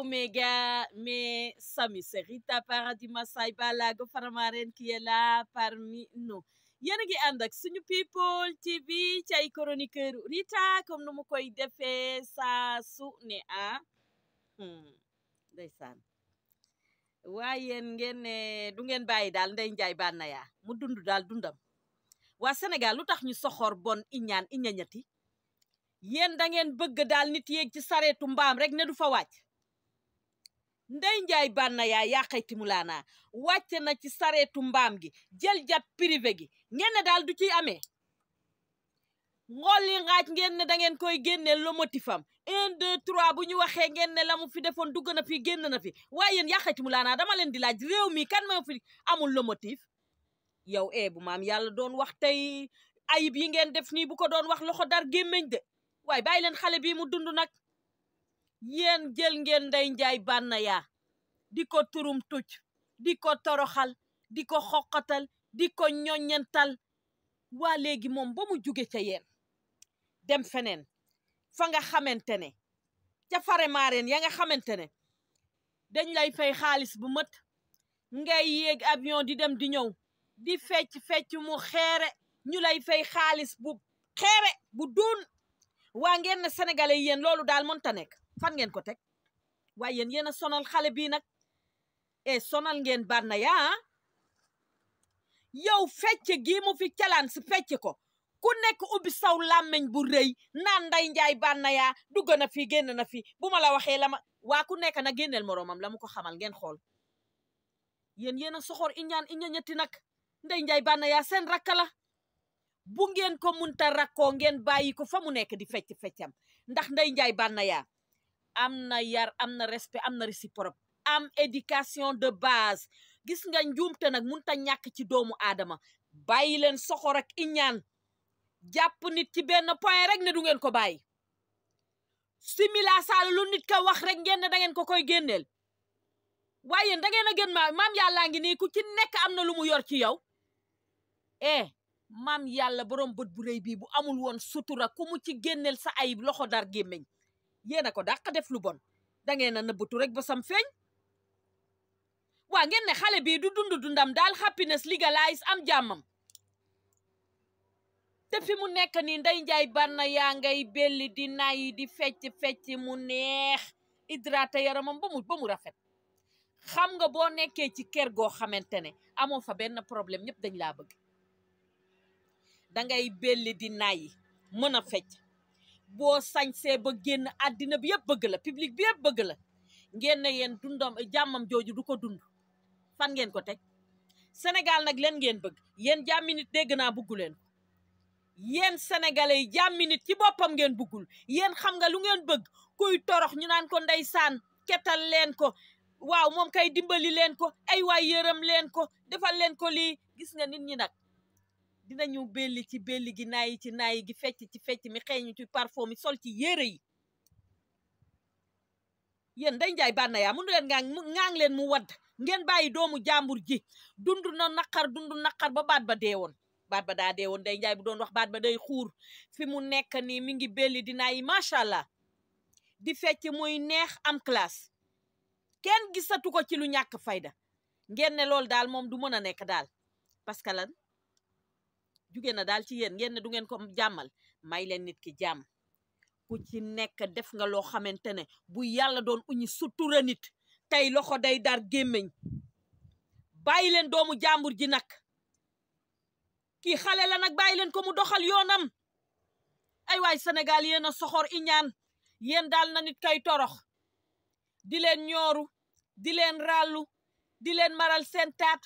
Omega, ga Samy c'est Rita Paradis Massay Balago Faramaren qui est parmi nous. yéen a ngi ànd ak suñu people TV ci ay chroniqueur Rita comme nu ma koy defee saa su ne ah hmm, ndeysaan waaye yéen ngeen ne du ngeen bàyyi daal ndey njaay baan na yaa mu dund daal dundam waa Sénégal lu tax ñu soxor bon iñaan iñañati yéen da ngeen bëgg daal nit yéeg ci sareetu mbaam rek ne du fa wàcc ndey njaay banna yaay yaaxay timulaanaa wàcce na ci sareetu mbaam gi jël jat privé gi ngeen ne daal du ciy amee ngolli ngaaj ngeen ne da ngeen koy génne lomotifam un de trois bu ñu waxee ngeen ne la mu fi defoon dugg na fi génn na fi waaye yéen yaaxay timulaanaa dama leen di laaj réew mi kan ma fi amul lomotif yow ee eh, bu maam yàlla doon wax tey ayib yi ngeen def nii bu ko doon wax loxo dar gémmeñ de waaye bàyyi leen xale bii mu dund nag yéen jël ngeen Ndeye njaay Banaya di ko turum tuj di ko toroxal di ko xoqatal di ko ñoññental waa léegi moom ba mu juge ca yéen dem feneen fa nga xamante ne ca fare maareen ya nga xamante ne dañ lay fay xaalis bu mët ngay yéeg avion di dem di ñëw di fec fecc mu xeere ñu lay fay xaalis bu xeere bu duun waa ngeen ne sénégalais yéen loolu daal mënta nekk fan ngeen ko teg waaye yéen yéen sonal xale bii nag e sonal ngeen bana ya ah. yow fecc gii fi calaan si fecc ko ku nekk ubbi saw làmmiñ bu rëy naan nday njaay banna yaa dugg na fi génn na fi bu ma la waxee la ma waa ku nekk na génneel moroomam la mu ko xamal ngeen xool yéen yéen a soxor iñaan iñañetti nag nday njaay banna yaa seen rakka la bu ngeen ko munta rakkoo ngeen bàyyi ko fa mu nekk di fecc feccam ndax nday njaay banna yaa am na yar am na respect am na réciproque am éducation de base gis nga njuumte nag munta ñàkk ci doomu aadama bàyyi leen soxor ak iñaan jàpp nit ci benn point rek ne du ngeen ko bàyyi simila saala lu nit ka wax rek ngeen ne da ngeen ko koy génneel waaye da ngeen a gën ma maam yàllaa ngi nii ku ci nekk am na lu mu yor ci yow eh maam yàlla borom bët bu rëy bii bu amul woon sutura ku mu ci génneel sa ay loxo dar gémmiñ yéen a ko dàq def lu bon da ngeen a rek ba sam feeñ waa ngeen xale bii du dund dundam daal happiness legalize am jàmmam te fi mu nekk nii nday njaay banna yaa ngay belli di nayi di fecc fecc mu neex hydraté yaramam ba mu rafet xam nga boo nekkee ci kër goo xamante ne amoo fa benn problème ñëpp dañ laa bëgg dangay belli di nayi mën a fecc boo sañsee ba génn àddina bi yëpp bëgg la public bi yëpp bëgg la ngeen ne yéen dundam jàmmam jooju du ko dund fan ngeen ko teg Sénégal nag leen ngeen bëgg yéen jàmmi nit dégg naa bugg leen ko yéen sénégalais yi jàmmi nit ci boppam ngeen buggul yéen xam nga lu ngeen bëgg kuy torox ñu naan ko ndeysaan ketal leen ko waaw moom kay dimbali leen ko ay waay yërëm leen ko defal leen ko li gis nga nit ñi nag dina dinañu belli ci belli gi naayi ci naayi gi fecc ci fecc mi xeeñu ci parfum mi sol ci yére yi yéen day njaay bànna yaa mënu leen ngaa ngaang leen mu wadd ngeen bàyyi doomu jàmbur ji dundu na naqar dund naqar ba baat ba dee woon baat ba daa dee woon day njaay bu doon wax baat ba day xuur fi mu nekk nii mi ngi belli di nayi macha allah di fecc muy neex am classe kenn gisatu ko ci lu ñàkk fayda ngeen ne loolu daal moom du mën a nekk daal parce que lan jugee na daal ci yéen ngeen ne du ko jàmmal may leen nit ki jàmm ku ci nekk def nga loo xamante ne bu yàlla doon uñi sutura nit tey loxo day dar gémmiñ bàyyi leen doomu jàmbur ji nag kii xale la nag bàyyi leen ko mu doxal yoonam ay waay Sénégal yéen a soxor iñaan yéen daal na nit kay torox di leen ñooru di leen ràllu di leen maral seen taat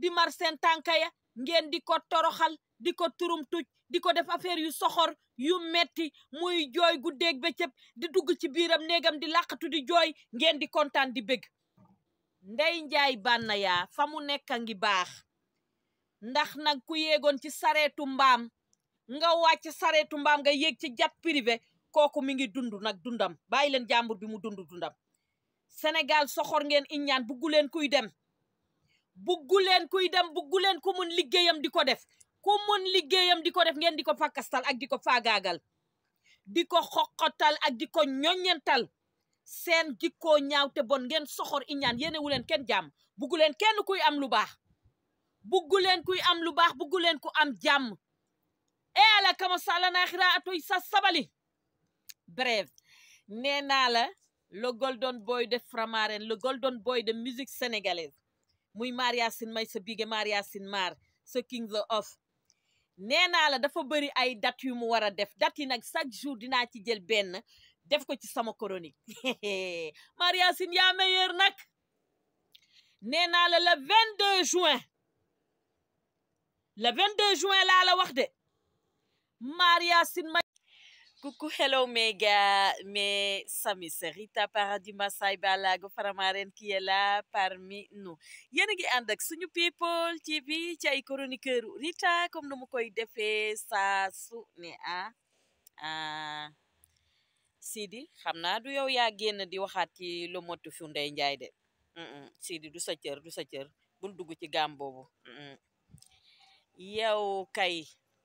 di mar seen tànka ya ngeen di ko toroxal di ko turum tuj di ko def affaire yu soxor yu metti muy jooy gu guddeeg bëccëg di dugg ci biiram néegam di làqatu di jooy ngeen di kontaan di bég ndey njaay banna ya fa mu nekk a ngi baax ndax nag ku yéegoon ci sareetu mbaam nga wàcc sareetu mbaam nga yéeg ci jat privé kooku mi ngi dund nag dundam bàyyi leen jàmbur bi mu dund dundam Sénégal soxor ngeen iññaan buggu kuy dem buggu leen kuy dem buggu leen ku mun liggéeyam di ko def ku mun liggéeyam di ko def ngeen di ko fakkastal ak di ko faagaagal di ko xoqatal ak di ko ñoññantal seen jikkoo ñaaw te bon ngeen soxor iñaan yéene wu leen kenn jàmm buggu leen kuy am lu baax buggu leen kuy am lu baax buggu leen ku am jàmm e ala kama sala naaxira atoy sa sabali bref nee naa la le golden boy de Framaren le golden boy de musique sénégalaise muy Maria Sin may sa bige Maria Sin Mar sa king the of nee naa la dafa bëri ay date yu mu war a def date yi nag chaque jour dinaa ci jël benn def ko ci sama chronique Maria Sine yaa meilleur nag nee naa la le 22 juin le 22 juin laa la wax de Maria Sine Coucou, hello méga, mes amis, c'est Rita Paradis Masai Balago Faramaren qui est là parmi nous. Yéen a ngi ànd ak suñu people TV ci ay chroniqueur Rita comme nu mu koy defee saasu ne ah ah Sidi xam naa du yow yaa génn di waxaat ci lu motu fi Ndeye Ndiaye de du sa du sa bul dugg ci gaam boobu yow kay.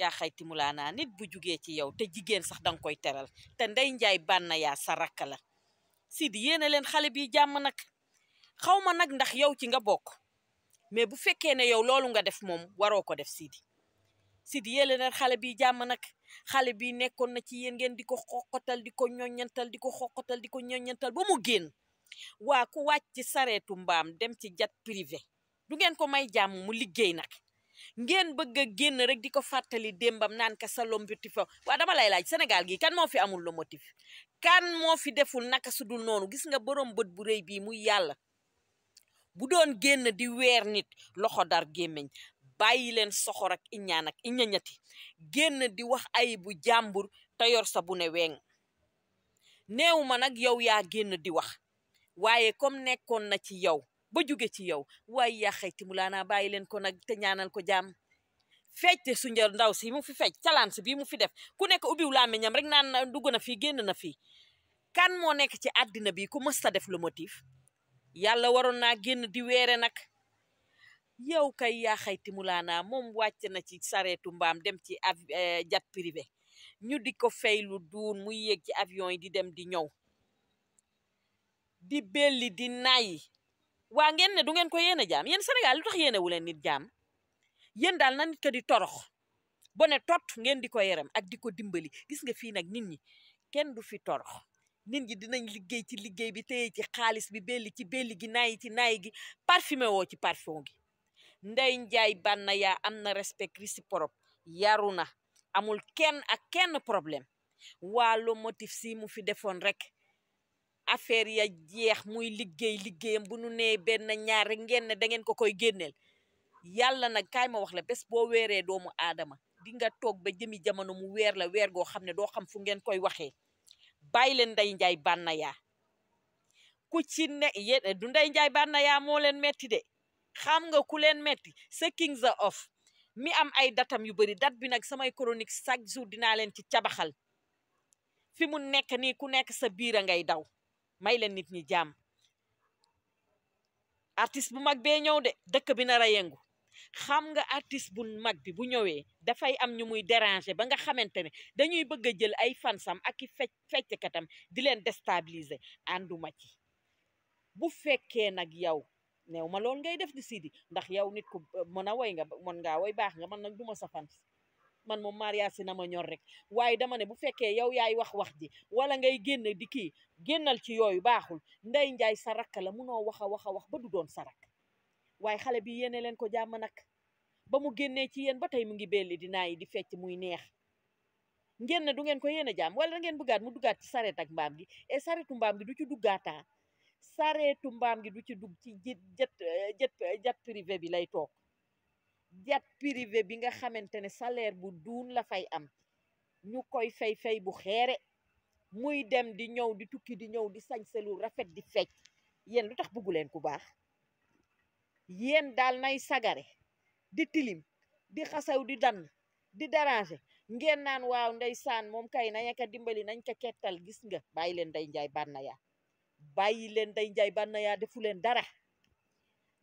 yaa xayti mulaanaa nit bu jugee ci yow te jigéen sax danga koy teral te ndey njaay bànna yaa sa rakk la Sidi yéene leen xale bi jàmm nag xaw ma nag ndax yow ci nga bokk mais bu fekkee ne yow loolu nga def moom waroo ko def Sidi Sidi yéene leen xale bi jàmm nag xale bi nekkoon na ci yéen ngeen di ko xoqatal di ko ñoññantal di ko xoqatal di ko ñoññantal ba mu génn waa ku wàcc ci sareetu mbaam dem ci jet privé du ngeen ko may jàmm mu liggéey nag ngeen bëgg a génn rek di ko fàttali démbam naan ka sa lombiti fa waa dama lay laaj Sénégal gi kan moo fi amul le motif kan moo fi deful naka su dul noonu gis nga borom bët bu rëy bii muy yàlla bu doon génn di weer nit loxo dar gémmiñ bàyyi leen soxor ak iñaan génn di wax ay bu jàmbur te yor sa bu ne weeng ma nag yow yaa génn di wax waaye kom nekkoon na ci yow ba jóge ci yow waaye yaa xayti mu bàyyi leen ko nag te ñaanal ko jàmm fecc su njal ndaw si mu fi fecc calaan si bii mu fi def ku nekk ubbiw làmmiñam rek naan dugg na fii génn na fii kan moo nekk ci àddina bi ku mës ta def le motif yàlla waroon naa génn di weere nag yow kay yaa xayti moom wàcc na ci sareetu mbaam dem ci av eh, ñu di ko fay lu duun muy ci avion yi di dem di ñëw di belli di nayi waa ngeen ne du ngeen ko yéene jaam yéen Sénégal lu tax yéene wu leen nit jaam yéen daal na nit ka di torox ba ne tot ngeen di ko yaram ak di ko dimbali gis nga fii nag nit ñi kenn du fi torox nit ñi dinañ liggéey ci liggéey bi téye ci xaalis bi belli ci belli gi naayi ci naayi gi parfumé woo ci parfum gi Ndeye Ndiaye Banna yaa am na respect réciproque yaru na amul kenn ak kenn problème waa lomotif si mu fi defoon rek affaire ya jeex muy liggéey liggéeyam bu nu nee benn ñaar rek ngeen ne da ko koy génneel yàlla nag kaay ma wax la bés boo weeree doomu aadama di nga toog ba jëmi jamono mu weer la weer goo xam ne doo xam fu ngeen koy waxee bàyyi leen nday njaay bànna yaa ku ci ne du nday njaay bànna yaa moo leen metti de xam nga ku leen metti sa kings of mi am ay datam yu bari dat bi nag samay chronique chaque jour dinaa leen ci cabaxal fi mu nekk ni ku nekk sa biir a ngay daw may leen nit ñi jàmm artiste bu mag bee ñëw de dëkk bi nar a yëngu xam nga artiste bu mag bi bu ñëwee dafay am ñu muy déranger ba nga xamante ne dañuy bëgg a jël ay fansam ak i fecc fecckatam di leen déstabiliser ànduma ci bu fekkee nag yow néew ma loolu ngay def di Sidi ndax yow nit ku mën a woy nga mën ngaa woy baax nga man nag duma sa fans man moom mariage si na ma ñor rek waaye dama ne bu fekkee yow yaay wax wax ji wala ngay génn di kii génnal ci yooyu baaxul nday njaay sa rakk la munoo wax a wax a wax ba du doon sa waaye xale bi yéene leen ko jàmm nag ba mu génnee ci yéen ba tey mu ngi belli dinaa yi di fecc muy neex ngeen ne du ngeen ko yéen a jàmm wala da ngeen bëggaat mu duggaat ci sareet ak mbaam gi et sareetu mbaam gi du ci duggaataa sareetu mbaam gi du ci dugg ci jet jet jet privé bi lay toog jet privé bi nga xamante ne salaire bu duun la fay am ñu koy fay fay bu xeere muy dem di ñëw di tukki di ñëw di sañse lu rafet di fecc yéen lu tax bëggu leen ku baax yéen daal nay sagare di tilim di xasaw di dann di déranger ngeen naan waaw saan moom kay nañ ka dimbali nañ ka kettal gis nga bàyyi leen day njaay bànnaya bàyyi leen day njaay bànnaya defu leen dara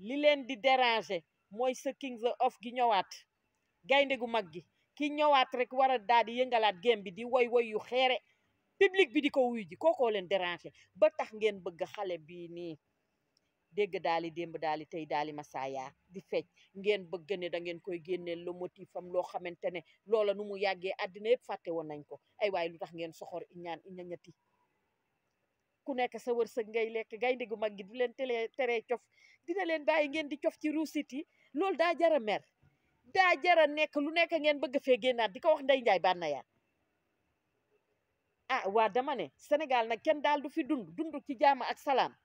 li leen di déranger mooy sa Kings of gi ñëwaat gaynde gu mag gi ki ñëwaat rek war a daal yëngalaat game bi di woy woy yu xeere public bi di ko wuy ji ko kookoo leen dérangé ba tax ngeen bëgg xale bi nii dégg daali démb daali tey daali masaaya di fecc ngeen bëgg ne da ngeen koy génneel le motif am loo xamante ne loola nu mu yàggee àddina yëpp fàtte woon nañ ko ay waay lu tax ngeen soxor iñaan iñañati ku nekk sa wërsëg ngay lekk gaynde gu mag gi du leen tele teree cof dina leen bàyyi ngeen di cof ci ruusit yi loolu daa jara mer daa jara nekk lu nekk ngeen bëgg fee génnaat di ko wax Ndeye Ndiaye Banaya ah waa dama ne Sénégal nag kenn daal du fi dund dund ci jàmm ak salaam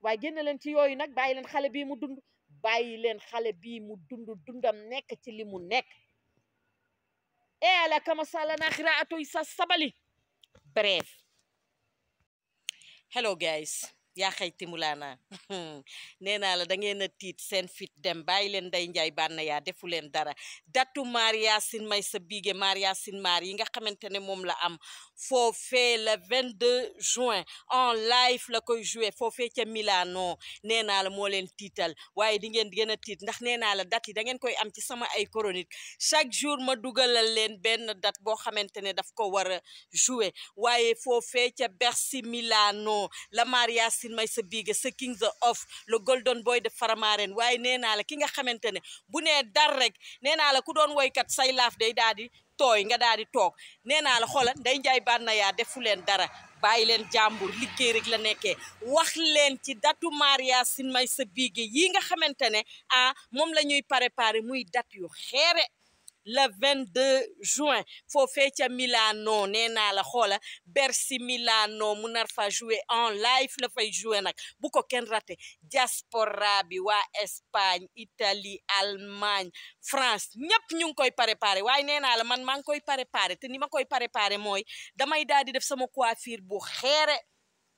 waaye génn leen ci yooyu nag bàyyi leen xale bii mu dund bàyyi leen xale bii mu dund dundam nekk ci limu mu nekk eala kama salana xiraatoy sa sabali bref hello guys yaa xay timulaana hmm. nee naa la da ngeen a tiit seen fit dem bàyyi leen day njaay bànn yaa defu leen dara datu maria sin may sa biige maria sin yi nga xamante ne moom la am foofee le 22 juin en live la koy joué foofee ca Milano nee naa la moo leen tiital waaye di ngeen gën a tiit ndax nee naa la date yi da ngeen koy am ci sama ay chronique chaque jour ma dugalal leen benn date boo xamante ne daf ko war a joué waaye foofee ca Bercy Milano la Yacine Meissa Bigué sa king of le golden boy de Faramaren waaye nee naa la ki nga xamante ne bu nee dar rek nee naa la ku doon woykat say laaf day daal di tooy nga daal di toog nee naa la xoolal nday njaay bànnayaa defu leen dara bàyyi leen jàmbur liggéey rek la nekkee wax leen ci datu may sa Bigué yi nga xamante ne ah moom la ñuy préparé muy dat yu xeere la le 22 juin foofee ca Milano nee naa la xoola Bercy Milano mu nar fa jouer en live la fay jouer nag bu ko kenn raté diaspora bi waa Espagne Italie Allemagne France ñëpp ñu ngi koy préparé waaye nee naa la man maa ngi koy préparé te ni ma koy préparé mooy damay daal di def sama coiffure bu xeere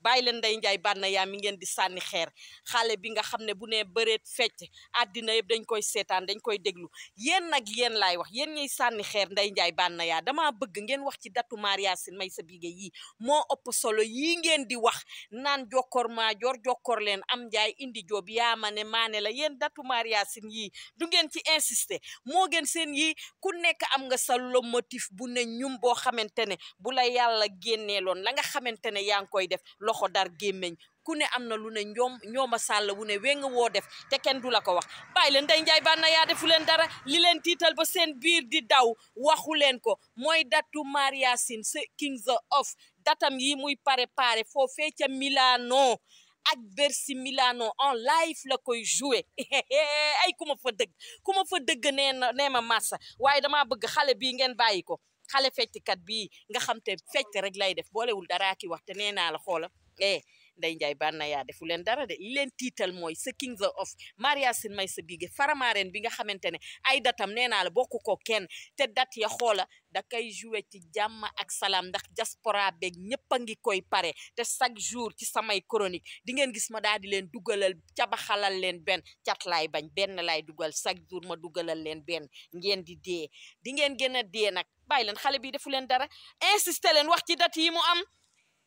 bàyyi leen Ndeye Ndiaye Banaya yaa mi ngeen di sànni xeer xale bi nga xam ne bu nee bëreet fecc àddina yëpp dañ koy seetaan dañ koy déglu yéen nag yéen laay wax yéen ñuy sànni xeer nday Ndeye Ndiaye yaa dama bëgg ngeen wax ci datu Maria may Maysa Bigué yii moo ëpp solo yii ngeen di wax naan jokkoor maa jor jokkoor leen am Ndiaye indi joob yaa ma ne maane la yéen datu Maria yi yii du ngeen ci insister moo gën seen yi ku nekk am nga sallo lomotif bu ne ñum boo xamante ne bu la yàlla génneeloon la nga xamante ne yaa ngi koy def ko dar gémmiñ ku ne am na lu ne ñoom ñooma sàll ne weng woo def te kenn du la ko wax bàyyi leen day njaay bànna yaa defu leen dara li leen tiital ba seen biir di daw waxu leen ko mooy datu Maria Sin sa Kings of datam yi muy préparé foofee ca Milano ak Bercy Milano en live la koy joué ay ku ma fa dëgg ku ma fa dëgg nee na nee ma massa waaye damaa bëgg xale bii ngeen bàyyi ko xale fecckat bii nga xam te fecc rek lay def boolewul daraa ki wax te nee naa la xoola eh nday Ndiaye Banaya defu leen dara de leen tiital mooy sa king of Maria Sine may sa biige faramareen bi nga xamante ne ay datam nee naa la bokku ko kenn te dat ya xoola da kay joué ci jàmm ak salaam ndax diaspora beeg ñëpp a ngi koy pare te chaque jour ci samay chronique di ngeen gis ma daal di leen dugalal xalal leen benn cat laay bañ benn laay dugal chaque jour ma dugalal leen benn ngeen di dee di ngeen gën a dee nag bàyyi leen xale bi defu leen dara insisté leen wax ci dat yi mu am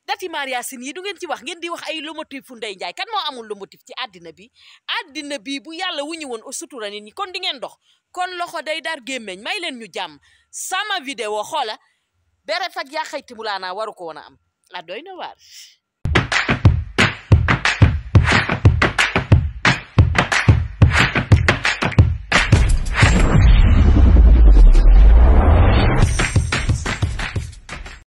dati Maria yi du ngeen ci wax ngeen di wax ay lomotif fu Ndeye Ndiaye kan moo amul lomotif ci àddina bi àddina bi bu yàlla wuñu woon au sutura nit ñi kon di ngeen dox kon loxo day dar gémmeñ may leen ñu jàmm sama vidéo xoola bere faj yaa xayti mulaanaa waru ko woon a am a ah, doy na waar